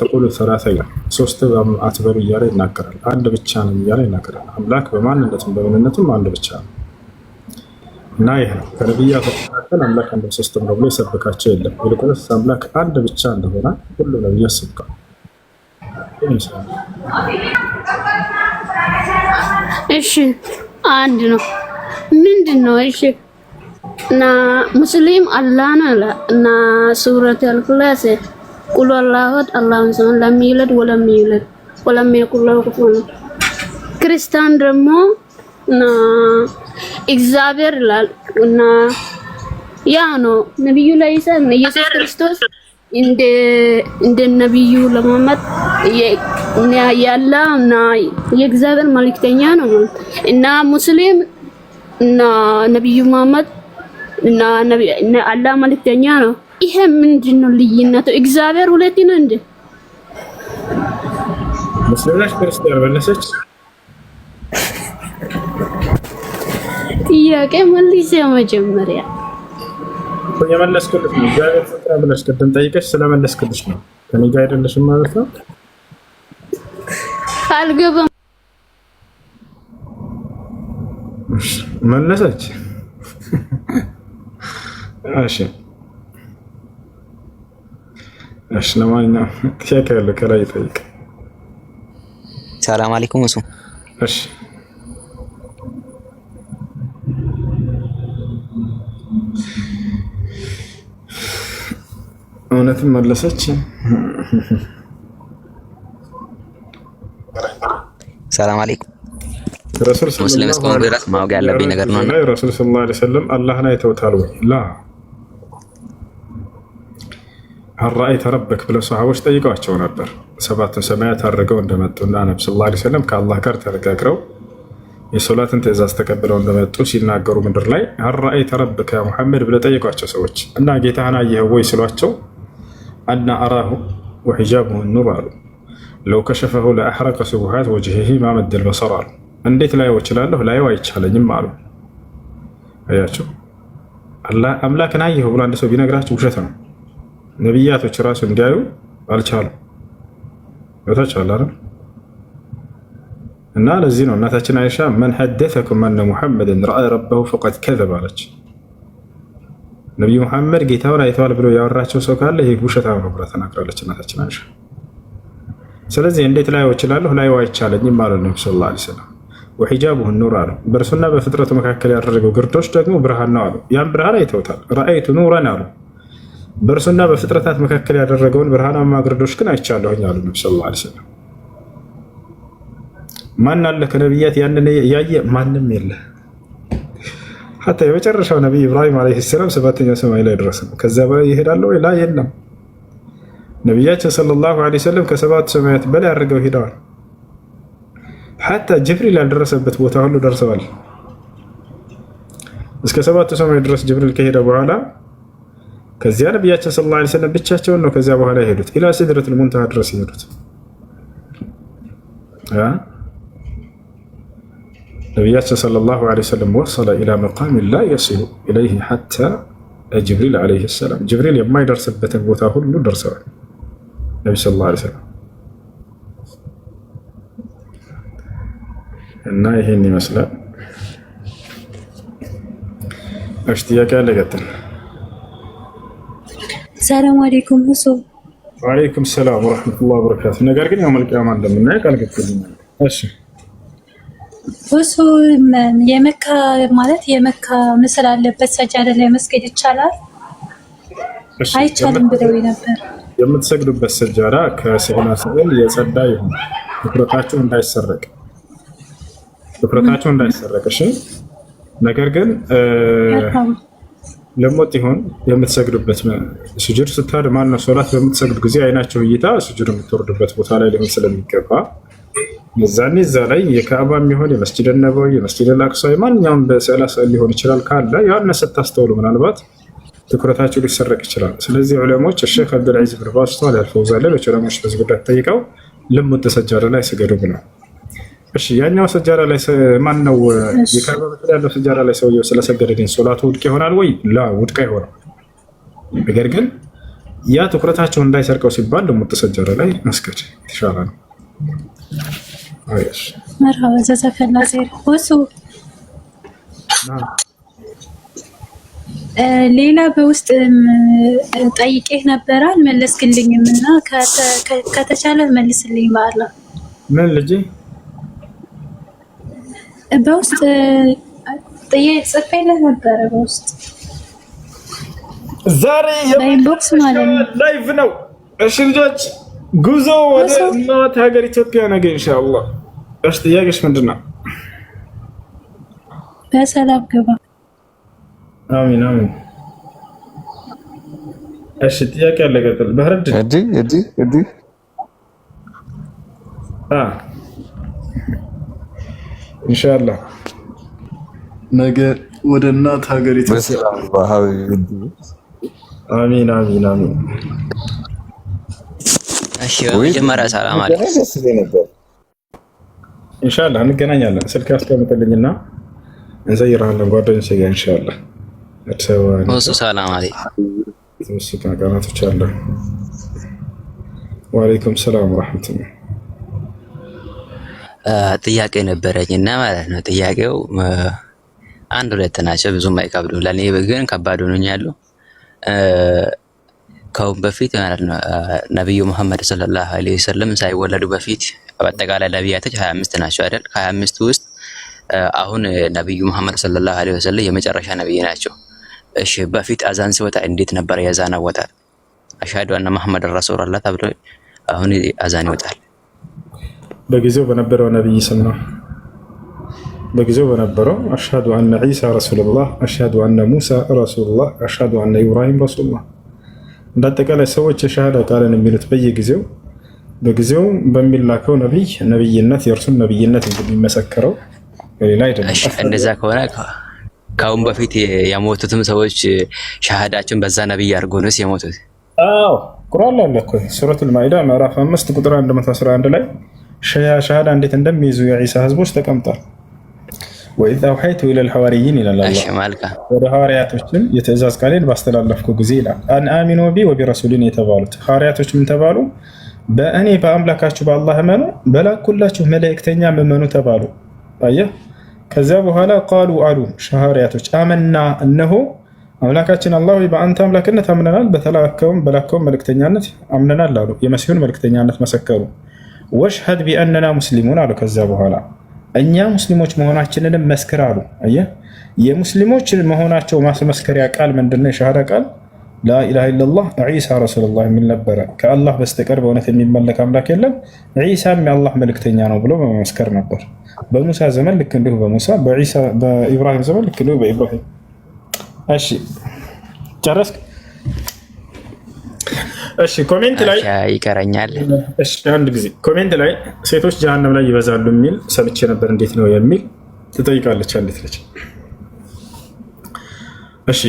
ተቁሉ ሰላሳ ይላል። ሶስት አትበሉ እያለ ይናገራል። አንድ ብቻ ነው እያለ ይናገራል። አምላክ በማንነትም በምንነትም አንድ ብቻ ነው እና ይህ ነው ከነቢያት መካከል አምላክ አንድም ሶስትም ነው ብሎ የሰበካቸው የለም። ይልቁንስ አምላክ አንድ ብቻ እንደሆነ ሁሉ ነቢያት ሰብከዋል። እሺ አንድ ነው ምንድን ነው? እሺ እና ሙስሊም አላህ ነው እና ሱረት አልክላሴ ቁሉ አላህድ አላህን ሰውን ለሚውለድ ወለሚውለድ ወለሚያቁል ለሁሉ ክርስቲያን ደግሞ እና እግዚአብሔር ይላል እና ያ ነው ነብዩ ላይ ሰን ኢየሱስ ክርስቶስ እንደ እንደ ነብዩ ለመሐመድ ያላ እና የእግዚአብሔር መልእክተኛ ነው እና ሙስሊም እና ነብዩ መሐመድ እና አላህ መልእክተኛ ነው ይሄ ምንድን ነው ልዩነቱ? እግዚአብሔር ሁለት ነው እንዴ? መስለሽ ክርስቲያን መለሰች። ጥያቄ መልስ መጀመሪያ የመለስክልሽ ነው። እግዚአብሔር ፍቅር ብለሽ ቅድም ጠይቀሽ ስለመለስክልሽ ነው። ከኔ ጋር አይደለሽም ማለት ነው። አልገባም። መለሰች። እሺ እሺ ለማንኛውም ጥያቄ ያለው ከላይ ይጠይቅ። ሰላም አለይኩም እሱ እሺ እውነትም መለሰች። ሰላም አለይኩም ረሱል ሙስሊም እስከሆኑ ድረስ ማወቅ ያለብኝ ነገር ረሱል ሰለላሁ ዐለይሂ ወሰለም አላህን አይተውታል ወይ? ላ ሀራአይተ ረበክ ብለው ሰሃቦች ጠይቀዋቸው ነበር። ሰባቱን ሰማያት አድርገው እንደመጡና ነብ ስ ላ ሰለም ከአላህ ጋር ተነጋግረው የሶላትን ትእዛዝ ተቀብለው እንደመጡ ሲናገሩ ምድር ላይ ሀራአይተ ረበከ ያ ሙሐመድ ብለው ጠይቋቸው ሰዎች እና ጌታህን አየህ ወይ ስሏቸው አና አራሁ ወሒጃብሁ ኑር አሉ። ለው ከሸፈሁ ለአሕረቀ ስቡሃት ወጅሂሂ ማመደል በሰር አሉ። እንዴት ላየው እችላለሁ? ላየው አይቻለኝም አሉ። አያቸው አምላክን አየሁ ብሎ አንድ ሰው ቢነግራቸው ውሸት ነው። ነቢያቶች ራሱ እንዲያዩ አልቻሉ ታች አለ እና ለዚህ ነው እናታችን አይሻ መን ሐደተኩም አነ ሙሐመድን ረአ ረበሁ ፈቀድ ከዘብ አለች። ነቢዩ ሙሐመድ ጌታውን አይተዋል ብሎ ያወራቸው ሰው ካለ ይህ ውሸታም ነው ብላ ተናግራለች እናታችን አይሻ። ስለዚህ እንዴት ላይ እችላለሁ ላይው አይቻለኝም ማለት ነው። ሰለላሁ ዐለይሂ ወሰለም ወሒጃቡሁ ኑር አሉ። በእርሱና በፍጥረቱ መካከል ያደረገው ግርዶች ደግሞ ብርሃን ነው አሉ። ያን ብርሃን አይተውታል። ረአይቱ ኑረን አሉ በእርሱና በፍጥረታት መካከል ያደረገውን ብርሃናማ ግርዶች ግን አይቻለሁኝ አሉ ነቢ ስለ ላ ስለም። ማን አለ ከነቢያት ያንን ያየ? ማንም የለ። ሀታ የመጨረሻው ነቢይ ኢብራሂም ዓለይሂ ሰላም ሰባተኛው ሰማይ ላይ ደረሰ። ነው። ከዚያ በላይ ይሄዳለ ወይ? ላ የለም። ነቢያችን ሰለላሁ ዓለይሂ ወሰለም ከሰባቱ ሰማያት በላይ አድርገው ሄደዋል። ሀታ ጅብሪል ያልደረሰበት ቦታ ሁሉ ደርሰዋል። እስከ ሰባቱ ሰማይ ድረስ ጅብሪል ከሄደ በኋላ ከዚያ ነቢያችን ሰለላሁ ዓለይሂ ወሰለም ብቻቸውን ነው ከዚያ በኋላ የሄዱት ኢላ ሲድረቱል ሙንተሃ ድረስ የሄዱት። ነቢያችን ሰለላሁ ዓለይሂ ወሰለም ወሰለ ኢላ መቃሚ ላ የሲሉ ኢለይህ ሐታ ጅብሪል ዓለይሂ ሰላም ጅብሪል የማይደርስበትን ቦታ ሁሉ ደርሰዋል ነቢ ሰለላሁ ዓለይሂ ወሰለም እና ይህን ይመስላል። እሺ ጥያቄ ያለ ቀጥል ሰላም አለይኩም ሁሱ ወአለይኩም ሰላም ወራህመቱላሂ ወበረካቱ። ነገር ግን ያው መልቂያማ እንደምናይ ቃል ገብተናል። እሺ ሁሱ የመካ ማለት የመካ ምስል አለበት ሰጃዳ ላይ መስገድ ይቻላል አይቻልም ብለው ነበር። የምትሰግዱበት ሰጃዳ ከስዕላ ስዕል የጸዳ ይሁን፣ ትኩረታቸው እንዳይሰረቅ ትኩረታቸው እንዳይሰረቅ። እሺ ነገር ግን ለሞት ይሆን የምትሰግዱበት ስጁድ ስታድ ማነው ሶላት በምትሰግዱ ጊዜ አይናቸው እይታ ስጁድ የምትወርዱበት ቦታ ላይ ሊሆን ስለሚገባ እዛኔ እዛ ላይ የካዕባ የሚሆን የመስጅድ ነበው የመስጅድ ላቅሳዊ ማንኛውም በስዕላ ስዕል ሊሆን ይችላል ካለ ያነ ስታስተውሉ ምናልባት ትኩረታቸው ሊሰረቅ ይችላል። ስለዚህ ዑለሞች ሼክ አብዱልዓዚዝ ብን ባዝ ል ያልፈውዛለ ዑለሞች በዚህ ጉዳይ ተጠይቀው ልሙት ተሰጃደ ላይ ስገዱ ብለው እሺ ያኛው ሰጃራ ላይ ማን ነው የከርባ በኩል ያለው ሰጃራ ላይ ሰውየው ስለሰገደ ግን ሶላቱ ውድቅ ይሆናል ወይ? ላ ውድቅ አይሆንም። ነገር ግን ያ ትኩረታቸው እንዳይሰርቀው ሲባል ደግሞ ተሰጃራ ላይ መስገድ የተሻለ ነው። መርሃባ ዘዘፈና ዜር ሁሱ ሌላ በውስጥ ጠይቄህ ነበረ አልመለስክልኝም እና ከተቻለ መልስልኝ በአላ ምን ልጄ በውስጥ ጽፌለት ነበረ። በውስጥ ዛሬ በኢንቦክስ ማለት ነው። ላይቭ ነው። እሺ ልጆች፣ ጉዞ ወደ እናት ሀገር ኢትዮጵያ ነገ ኢንሻአላህ። እሺ ጥያቄሽ ምንድን ነው? በሰላም ገባ። አሚን አሚን። እሺ ጥያቄ አለ። ቀጥል። በህርድ እዲ እዲ እዲ አ እንሻላ ነገ ወደ እናት ሀገር አሚን አሚን አሚን። እሺ በመጀመሪያ ሰላም አለ እንሻላ እንገናኛለን። ስልክ ያስቀምጥልኝና እንዘይራለን ጓደኞቼ ጋር እንሻላ አዲስ አበባ እሱ ሰላም አለ ትንሽ ቀናቶች አለ። ወአለይኩም ሰላም ወራህመቱላህ ጥያቄ ነበረኝ እና ማለት ነው ጥያቄው አንድ ሁለት ናቸው፣ ብዙም አይከብዱም። ለእኔ ግን ከባድ ያሉ። ከአሁን በፊት ማለት ነው ነቢዩ መሐመድ ሰለላሁ ዐለይሂ ወሰለም ሳይወለዱ በፊት በአጠቃላይ ነቢያቶች ሀያ አምስት ናቸው አይደል? ከሀያ ውስጥ አሁን ነቢዩ መሐመድ ሰለላሁ ዐለይሂ ወሰለም የመጨረሻ ነቢይ ናቸው። እሺ በፊት አዛን ሲወጣ እንዴት ነበረ የአዛን አወጣጥ? አሻዱ አነ መሐመድ ረሱሉላህ ተብሎ አሁን አዛን ይወጣል። በጊዜው በነበረው ነቢይ ስም ነው። በጊዜው በነበረው አሽሃዱ አነ ዒሳ ረሱሉላህ፣ አሽሃዱ አነ ሙሳ ረሱሉላህ፣ አሽሃዱ አነ ኢብራሂም ረሱሉላህ። እንዳጠቃላይ ሰዎች የሻሃዳ ቃልን የሚሉት በየጊዜው በጊዜው በሚላከው ነቢይ ነቢይነት የእርሱን ነቢይነት የሚመሰክረው ሌላ አይደለም። እንደዛ ከሆነ ከአሁን በፊት የሞቱትም ሰዎች ሻሃዳቸውን በዛ ነቢይ አድርጎ ነውስ የሞቱት? አዎ ቁርአን ላይ አለ እኮ ሱረቱል ማኢዳ ምዕራፍ አምስት ቁጥር 111 ላይ ሸሃዳ እንዴት እንደሚይዙ የዒሳ ህዝቦች ተቀምጧል። ወኢዝ አውሐይቱ ኢለል ሐዋርይን ይላል ወደ ሐዋርያቶችም የትእዛዝ ቃሌን ባስተላለፍኩ ጊዜ ይላል አን አሚኑ ቢ ወቢረሱሊን የተባሉት ሐዋርያቶች ምን ተባሉ? በእኔ በአምላካችሁ በአላህ እመኑ፣ በላኩላችሁ መልእክተኛ እመኑ ተባሉ። አየህ፣ ከዚያ በኋላ ቃሉ አሉ ሐዋርያቶች አመና፣ እነሆ አምላካችን አላህ በአንተ አምላክነት አምነናል፣ በተላከውም በላከውም መልእክተኛነት አምነናል አሉ። የመሲሁን መልእክተኛነት መሰከሩ። ወሽሀድ ቢአነና ሙስሊሙን አሉ። ከዛ በኋላ እኛ ሙስሊሞች መሆናችንንም መስክር አሉ። የሙስሊሞች መሆናቸው ማስመስከሪያ ቃል ምንድነው? የሸሃዳ ቃል ላኢላሃ ኢለላህ ዒሳ ረሱሉላህ የሚል ነበረ። ከአላህ በስተቀር በእውነት የሚመለክ አምላክ የለም፣ ዒሳም የአላህ መልክተኛ ነው ብሎ በመመስከር ነበር። በሙሳ ዘመን ልክ እንዲሁ በሙሳ በኢብራሂም ዘመን ልክ እንዲሁ በኢብራሂም። እሺ ጨረስክ? እሺ ኮሜንት ላይ ይቀረኛል። እሺ አንድ ጊዜ ኮሜንት ላይ ሴቶች ጀሃነም ላይ ይበዛሉ የሚል ሰምቼ ነበር፣ እንዴት ነው የሚል ትጠይቃለች አንዲት ልጅ። እሺ